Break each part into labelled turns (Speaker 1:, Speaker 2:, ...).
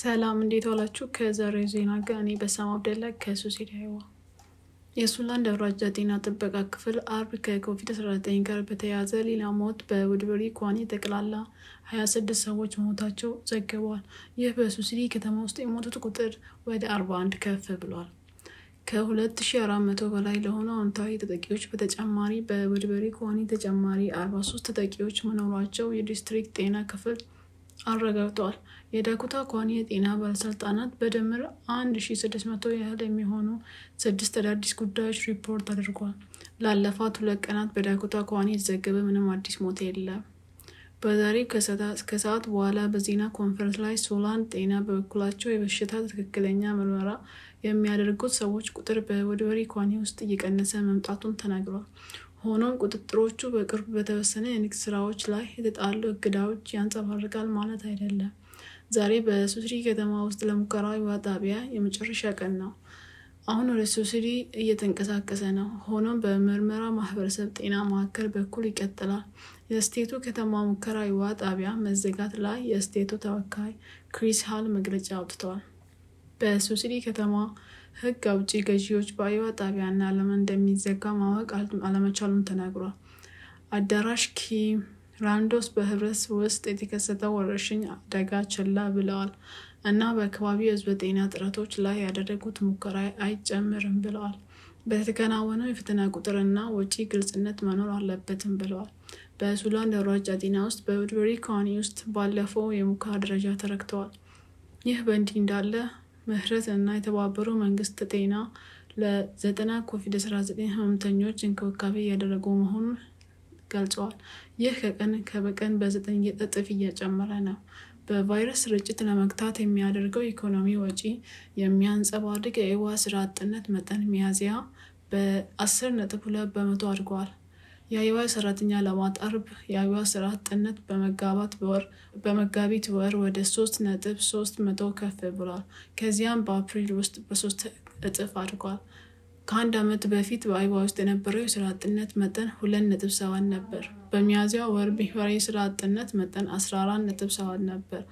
Speaker 1: ሰላም እንዴት ዋላችሁ? ከዛሬ ዜና ጋር እኔ በሳም አብደላ ከሱሲድ አይዋ የሱላን ደብራጃ ጤና ጥበቃ ክፍል አርብ ከኮቪድ-19 ጋር በተያያዘ ሌላ ሞት በውድበሪ ኳኔ ጠቅላላ 26 ሰዎች መሞታቸው ዘግቧል። ይህ በሱሲዲ ከተማ ውስጥ የሞቱት ቁጥር ወደ 41 ከፍ ብሏል። ከ2400 በላይ ለሆኑ አዎንታዊ ተጠቂዎች በተጨማሪ በውድበሪ ኳኔ ተጨማሪ 43 ተጠቂዎች መኖሯቸው የዲስትሪክት ጤና ክፍል አረጋግጠዋል። የዳኩታ ኳን የጤና ባለስልጣናት በድምር 1600 ያህል የሚሆኑ ስድስት አዳዲስ ጉዳዮች ሪፖርት አድርጓል። ላለፋት ሁለት ቀናት በዳኩታ ኳን የተዘገበ ምንም አዲስ ሞት የለም። በዛሬ ከሰዓት በኋላ በዜና ኮንፈረንስ ላይ ሶላን ጤና በበኩላቸው የበሽታ ትክክለኛ ምርመራ የሚያደርጉት ሰዎች ቁጥር በወድበሪ ኳኒ ውስጥ እየቀነሰ መምጣቱን ተናግሯል። ሆኖም ቁጥጥሮቹ በቅርብ በተወሰነ የንግድ ስራዎች ላይ የተጣሉ እገዳዎች ያንጸባርቃል ማለት አይደለም። ዛሬ በሱስሪ ከተማ ውስጥ ለሙከራ ውሃ ጣቢያ የመጨረሻ ቀን ነው። አሁን ወደ ሱስሪ እየተንቀሳቀሰ ነው። ሆኖም በምርመራ ማህበረሰብ ጤና ማዕከል በኩል ይቀጥላል። የስቴቱ ከተማ ሙከራ ውሃ ጣቢያ መዘጋት ላይ የስቴቱ ተወካይ ክሪስ ሃል መግለጫ አውጥተዋል። በሱሲዲ ከተማ ሕግ አውጪ ገዢዎች በአይዋ ጣቢያና ለምን እንደሚዘጋ ማወቅ አለመቻሉን ተናግሯል። አዳራሽ ኪራንዶስ በህብረት ውስጥ የተከሰተው ወረርሽኝ አደጋ ችላ ብለዋል እና በአካባቢው ህዝብ ጤና ጥረቶች ላይ ያደረጉት ሙከራ አይጨምርም ብለዋል። በተከናወነው የፈተና ቁጥርና ወጪ ግልጽነት መኖር አለበትም ብለዋል። በሱላን ደራጃ ጤና ውስጥ በውድበሪ ካኒ ውስጥ ባለፈው የሙከራ ደረጃ ተረክተዋል። ይህ በእንዲህ እንዳለ ምህረት እና የተባበሩ መንግስት ጤና ለዘጠና ኮቪድ-19 ህመምተኞች እንክብካቤ እያደረጉ መሆኑን ገልጸዋል። ይህ ከቀን ከበቀን በዘጠኝ እጥፍ እየጨመረ ነው። በቫይረስ ስርጭት ለመግታት የሚያደርገው ኢኮኖሚ ወጪ የሚያንጸባርቅ የኢዋ ስራ አጥነት መጠን ሚያዝያ በ10 ነጥብ በመቶ አድጓል። የአይዋ ሰራተኛ ለማት አርብ የአይዋ ስራ አጥነት በመጋባት ወር በመጋቢት ወር ወደ ሶስት ነጥብ ሶስት መቶ ከፍ ብሏል። ከዚያም በአፕሪል ውስጥ በሶስት እጥፍ አድጓል። ከአንድ ዓመት በፊት በአይዋ ውስጥ የነበረው የስራ አጥነት መጠን ሁለት ነጥብ ሰባት ነበር። በሚያዚያ ወር ብሔራዊ የስራ አጥነት መጠን አስራ ነጥብ ሰባት ነበር።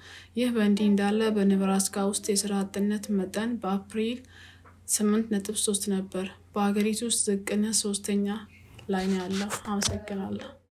Speaker 1: ይህ በእንዲህ እንዳለ በኔብራስካ ውስጥ የስራ አጥነት መጠን በአፕሪል ስምንት ነጥብ ሶስት ነበር። በሀገሪቱ ውስጥ ዝቅነት ሶስተኛ ላይ ነው ያለው። አመሰግናለሁ።